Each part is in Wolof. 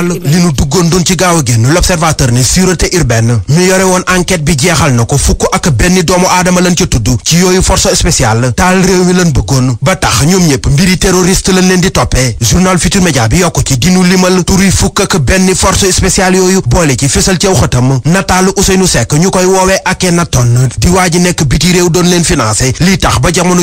xamal li nu duggoon doon ci gaaw a génn l'observateur ne sûreté urbaine mi yore woon enquête bi jeexal na ko fukk ak benn doomu aadama lañ ca tudd ci yooyu force spéciale taal réew mi lañ bëggoon ba tax ñoom ñëpp mbiri terroriste lañ leen di toppee journal Futur Média bi yokk ci dinu limal turi fukk ak benn force spéciale yooyu boole ci fësal ci aw xëtam nataalu Ousseynou ñu koy woowee akee naton di waa ji nekk biti réew doon leen financé lii tax ba jamono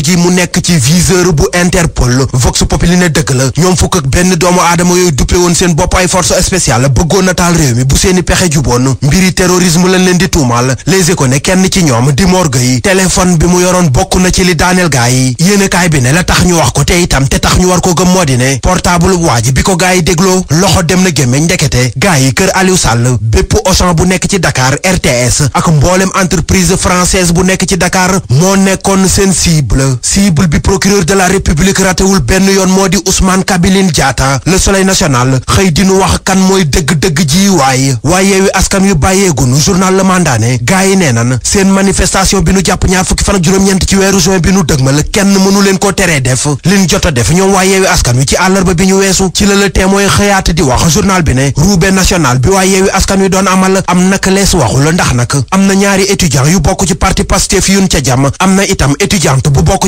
force spéciale bëggoon na taal réew mi bu seeni pexe juboon mbiri terrorisme la leen di tuumal les éco ne kenn ci ñoom di morgue yi téléphone bi mu yoroon bokk na ci li daaneel gaa yi yéenekaay bi ne la tax ñu wax ko te itam te tax ñu war ko gëm moo di ne portable waa ji bi ko gaa yi dégloo loxo dem na gémmeñ ndekete gaa yi kër Aliou Sall bépp Auchan bu nekk ci Dakar RTS ak mboolem entreprise française bu nekk ci Dakar moo nekkoon seen cible cible bi procureur de la République ratewul benn yoon moo di Ousmane Kabiline Diatta le Soleil national xëy dinu wax wax kan mooy dëgg-dëgg ji waaye waaye yeewi askan wi bàyyeegunu journal Le Mandaane gaa yi nee nan seen manifestation bi nu jàpp ñaar fukki fan ak juróom-ñeent ci weeru juin bi nu dëgmal kenn mënu leen teree def liñ jot a def ñoom waa yeewi askan wi ci àllarba bi ñu weesu ci la Le Témoin xëyaat di wax journal bi ne roube national bi waa yeewi askan wi doon amal am naka lees waxul ndax nag am na ñaari étudiant yu bokk ci parti Pastef yun ca jàmm am na itam étudiante bu bokk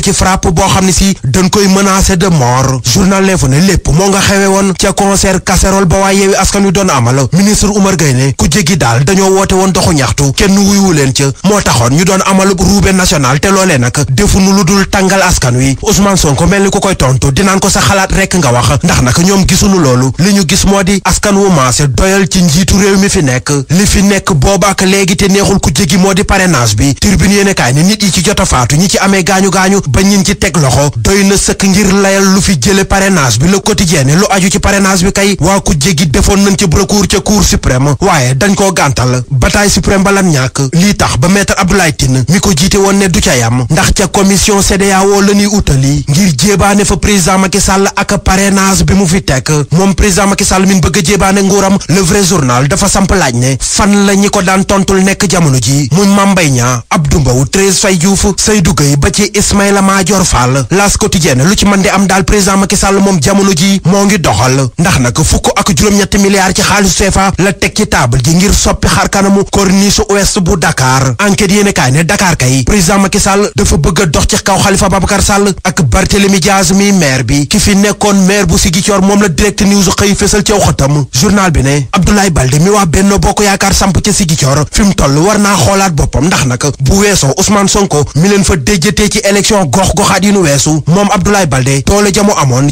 waa yeewi askan wi doon amal ministre Oumar Gueye ne ku jéggi daal dañoo woote woon doxu ñaxtu kenn wuyu leen ca moo taxoon ñu doon amalub ruube national te loolee nag defuñu lu dul tàngal askan wi Ousmane Sonko mel ni ku koy tontu dinaan ko sa xalaat rekk nga wax ndax nag ñoom gisuñu loolu li ñu gis moo di askan wu maase doyal ci njiitu réew mi fi nekk li fi nekk booba ak léegi te neexul ku jéggi moo di parrainage bi tribune yéene kaay ne nit yi ci jot a faatu ñi ci amee gaañu gaañu ba ñin ci teg loxo doy na sëkk ngir layal lu fi jële bi le quotidien lu aju ci parrainage bi kay gi defoon nañ ci recours ca cour suprême waaye dañ koo gàntal bataille suprême ba lan ñàkk lii tax ba maître Abdoulaye Tine mi ko jiite woon ne du ca yam ndax ca commission CEDEAO la ñuy ngir jéebaane fa président Macky ak parrainage bi mu fi teg moom président Macky Sall bëgg a jéebaane nguuram le journal dafa samp laaj ne fan la ñi ko daan tontul nekk jamono ji muy Mame Mbaye Niang Abdou Mbow Thérèse Faye Diouf Seydou Gueye ba ci Ismaïla Madior Fall L'As Quotidien lu ci mën di am daal président Macky Sall moom jamono ji moo juróom-ñetti milliards ci xaalis CFA la teg ci table ji ngir soppi xar kanamu corniche ouest bu Dakar enquête yéene ne Dakar kay président Macky Sall dafa bëgg a dox ci kaw Khalifa Babacar Sall ak Barthélémy Diaz mi maire bi ki fi nekkoon maire bu Ziguinchor moom la direct news xëy fésal ci xëtam journal bi ne Abdoulaye Baldé mi waa Benno Bokk Yaakaar samp ca Ziguinchor fi mu toll war naa xoolaat boppam ndax nag bu weesoo Ousmane Sonko mi leen fa déjjatee ci élection gox-goxaat yi nu weesu moom Abdoulaye Baldé doole jamu amoon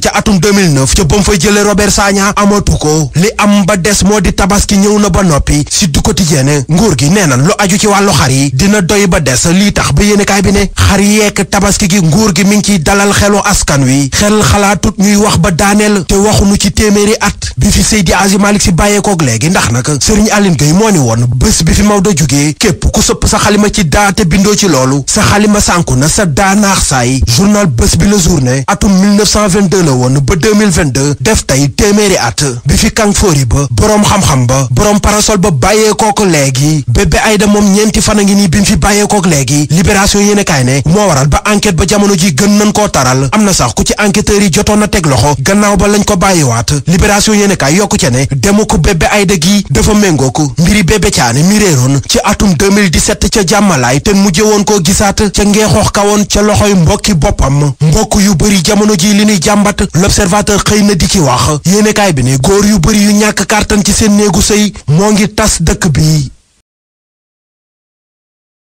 li am ba des moo di tabaski ñëw na ba noppi si du quotidien nguur gi nee na lu aju ci wàllu xar yi dina doy ba des lii tax ba yéenekaay bi ne xar yeek tabaski gi nguur gi mi ngi ciy dalal xelu askan wi xel xalaatut ñuy wax ba daaneel te waxuñu ci téeméeri at bi fi Seydi Aji Malick Si bàyyeekook léegi ndax nag Serigne Aline Gueye moo ni woon bés bi fi Maodo jógee képp ku sëpp sa xalima ci daa te bindoo ci loolu sa xalima sànku na sa daanaax saay journal bés bi la journée atum 1922 la woon ba 2022 def tey téeméeri at kanfoori ba boroom xam-xam ba boroom parasol ba bàyyeekook léegi bébé Aïda moom ñeenti fan a ngi nii bi mu fi bàyyeekook léegi libération yéen a kaay ne moo waral ba enquête ba jamono ji gën nañ koo taral am na sax ku ci enquêteurs yi jotoon na teg loxo gannaaw ba lañ ko bàyyiwaat libération yéen a kaay yokku ca ne demu ko bébé gi dafa méngooku mbiri bébé caane mi réeroon ci atum ca jàmmalaay te mujje woon koo gisaat ca ngeexoox ca loxoy mbokki yu bëri jamono ji li ñuy jàmbat l'observateur xëy a përi yu ñàkk kàttan ci seen néegu sëy moo ngi tas dëkk bi